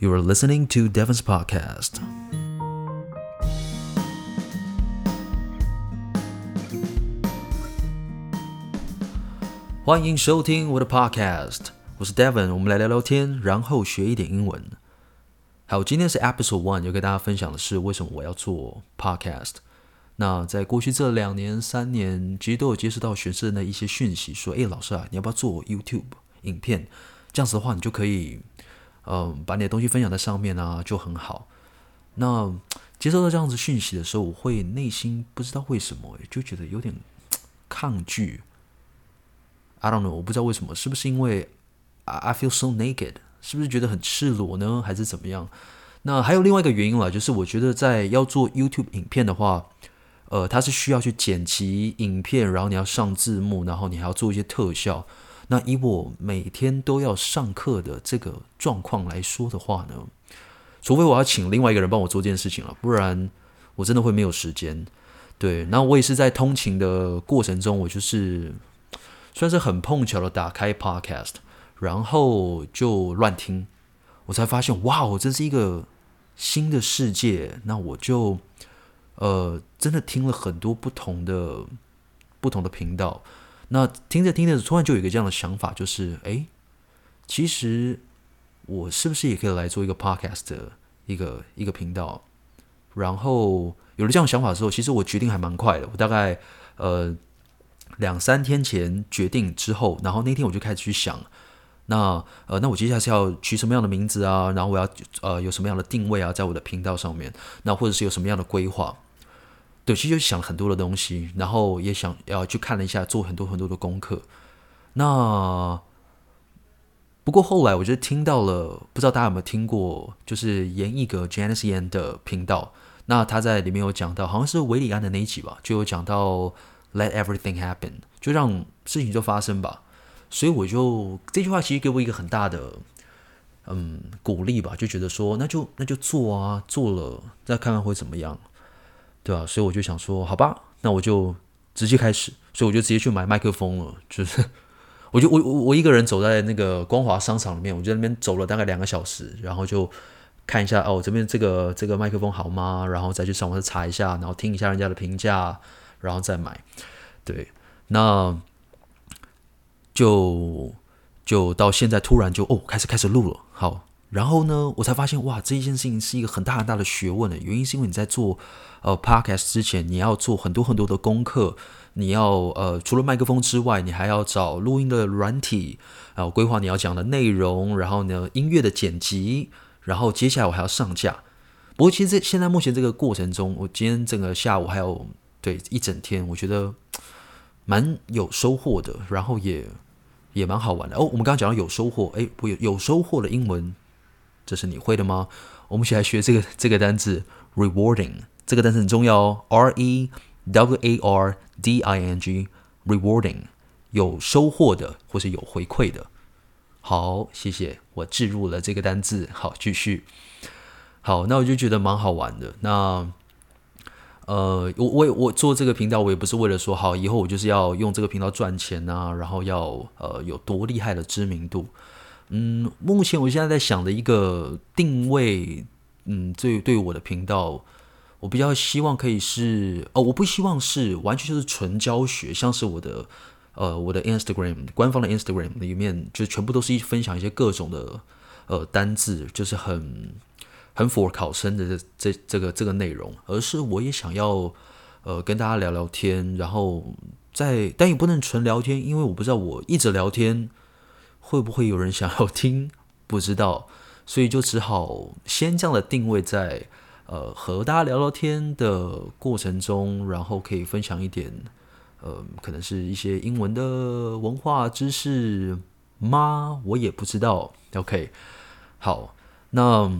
You are listening to Devon's podcast. 歡迎收聽我的 podcast，我是 Devon，我們來聊聊天，然後學一點英文。好，今天是 Episode One，要跟大家分享的是為什麼我要做 podcast。那在過去這兩年、三年，其實都有接觸到學生的一些訊息，說：“哎，老師啊，你要不要做 YouTube 影片？這樣子的話，你就可以。”嗯，把你的東西分享在上面呢、啊，就很好。那接收到這樣子訊息的時候，我會內心不知道為什麼，就覺得有點抗拒。I don't know，我不知道為什麼，是不是因為 I feel so naked，是不是覺得很赤裸呢？還是怎麼樣？那還有另外一個原因啦，就是我覺得在要做 YouTube 影片的話，呃，它是需要去剪輯影片，然後你要上字幕，然後你還要做一些特效。那以我每天都要上課的這個狀況來說的話呢，除非我要請另外一個人幫我做這件事情了，不然我真的會沒有時間。對，那我也是在通勤的過程中，我就是算是很碰巧的打開 Podcast，然後就亂聽，我才發現哇，哦，這是一個新的世界。那我就呃真的聽了很多不同的不同的頻道。那聽着聽着，突然就有一個這樣的想法，就是哎，其實我是不是也可以來做一個 podcast 一個一個頻道？然後有了這樣的想法之後，其實我決定還蠻快的。我大概呃兩三天前決定之後，然後那天我就開始去想，那呃那我接下來是要取什麼樣的名字啊？然後我要呃有什麼樣的定位啊？在我的頻道上面，那或者是有什麼樣的規劃？對，其實就想很多的東西，然後也想要去、呃、看了一下，做很多很多的功課。那不過後來我就聽到了，不知道大家有沒有聽過，就是嚴藝格 Janice Yen 的頻道。那他在裡面有講到，好像是韋禮安的那一集吧，就有講到 Let everything happen，就讓事情就發生吧。所以我就這句話其實給我一個很大的嗯鼓勵吧，就覺得說那就那就做啊，做了再看看會怎麼樣。對啊，所以我就想說，好吧，那我就直接開始。所以我就直接去買麥克風了。就是，我就我我我一個人走在那個光華商場裡面，我就在那邊走了大概兩個小時，然後就看一下哦，這邊這個這個麥克風好嗎？然後再去上網查一下，然後聽一下人家的評價，然後再買。對，那就就到現在突然就哦，開始開始錄了，好。然後呢，我才發現哇，這一件事情是一個很大很大的學問的。原因是因為你在做呃 podcast 之前，你要做很多很多的功課，你要呃除了麥克風之外，你還要找錄音的軟體，然後規劃你要講的內容，然後呢，音樂的剪輯，然後接下來我還要上架。不過其實這現在目前這個過程中，我今天整個下午還有，對，一整天，我覺得蠻有收穫的，然後也也蠻好玩的。哦，我們剛剛講到有收穫，哎，不，有有收穫的英文，這是你會的嗎？我們一起來學這個這個單字 rewarding，這個單詞很重要哦。R E W A R D I N G rewarding，有收穫的或是有回饋的。好，謝謝，我置入了這個單字，好，繼續。好，那我就覺得蠻好玩的。那呃，我我我做這個頻道，我也不是為了說，好，以後我就是要用這個頻道賺錢吶、啊，然後要呃有多厲害的知名度。嗯，目前我現在在想的一個定位，嗯，對，對我的頻道，我比較希望可以是，哦，我不希望是完全就是純教學，像是我的，呃，我的 Instagram，官方的 Instagram 裡面，就全部都是一分享一些各種的，呃，單字，就是很很符合考生的這這這個這個內容，而是我也想要，呃，跟大家聊聊天，然後在，但也不能純聊天，因為我不知道我一直聊天，會不會有人想要聽？不知道，所以就只好先這樣的定位在呃和大家聊聊天的過程中，然後可以分享一點呃可能是一些英文的文化知識嗎？我也不知道。OK，好，那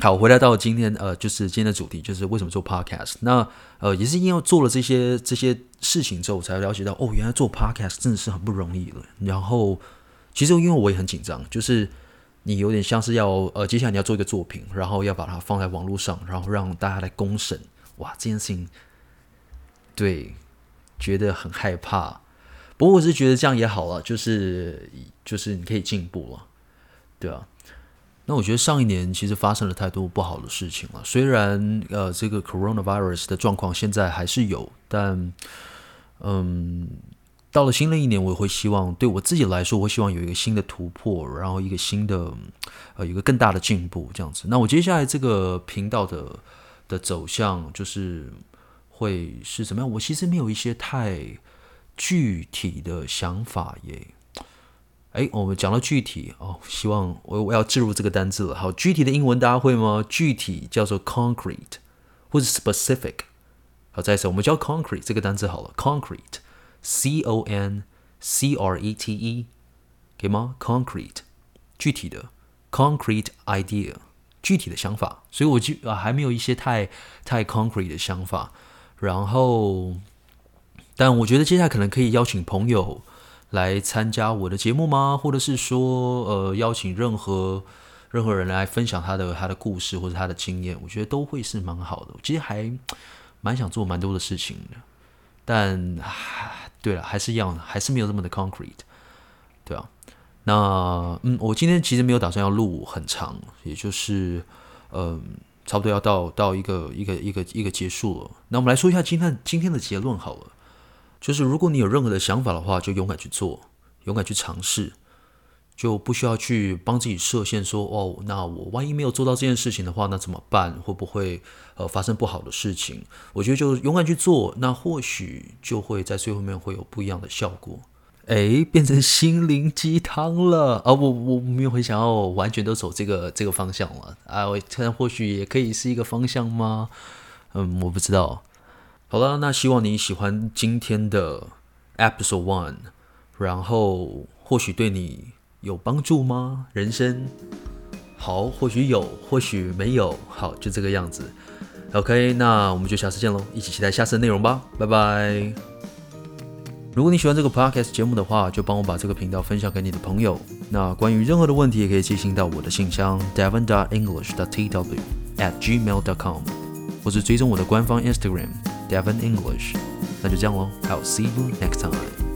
好，回來到今天呃，就是今天的主題就是為什麼做 Podcast。那呃也是因為做了這些這些事情之後，我才了解到哦，原來做 Podcast 真的是很不容易的。然後其實，因為我也很緊張，就是你有點像是要呃，接下來你要做一個作品，然後要把它放在網絡上，然後讓大家來公審，哇，這件事情對，覺得很害怕。不過我是覺得這樣也好了，就是就是你可以進步了，對啊。那我覺得上一年其實發生了太多不好的事情了，雖然呃，這個 coronavirus 的狀況現在還是有，但嗯。到了新的一年，我也會希望對我自己來說，我希望有一個新的突破，然後一個新的呃，一個更大的進步這樣子。那我接下來這個頻道的的走向就是會是什麼樣？我其實沒有一些太具體的想法耶。誒，我們講到具體哦，希望我我要進入這個單字了。好，具體的英文大家會嗎？具體叫做 concrete 或者 specific。好，再一次我們叫 concrete 這個單字好了，concrete。Con C O N C R E T E，okay 嗎？Concrete，具體的，Concrete idea，具體的想法。所以我就啊還沒有一些太太 Concrete 的想法。然後，但我覺得接下來可能可以邀請朋友來參加我的節目嗎？或者是說，呃，邀請任何任何人來分享他的他的故事或者他的經驗，我覺得都會是蠻好的。我其實還蠻想做蠻多的事情的，但。啊對了、啊，還是一樣的，還是沒有這麼的 concrete，對啊，那嗯，我今天其實沒有打算要錄很長，也就是嗯、呃，差不多要到到一個一個一個一個結束了。那我們來說一下今天今天的結論好了，就是如果你有任何的想法的話，就勇敢去做，勇敢去嘗試。就不需要去幫自己設限說，說哦，那我萬一沒有做到這件事情的話，那怎麼辦？會不會呃發生不好的事情？我覺得就勇敢去做，那或許就會在最後面會有不一樣的效果。誒，變成心靈雞湯了啊、哦！我我，我沒有很想要完全都走這個這個方向了啊！我現在或許也可以是一個方向嗎？嗯，我不知道。好了，那希望你喜歡今天的 episode one，然後或許對你。有幫助嗎？人生好，或許有，或許沒有。好，就這個樣子。OK，那我們就下次見嘍，一起期待下次的內容吧。拜拜。如果你喜歡這個 podcast 節目的話，就幫我把這個頻道分享給你的朋友。那關於任何的問題，也可以寄信到我的信箱 devin.english.tw at gmail.com，或是追蹤我的官方 Instagram devin english。那就這樣嘍，I'll see you next time.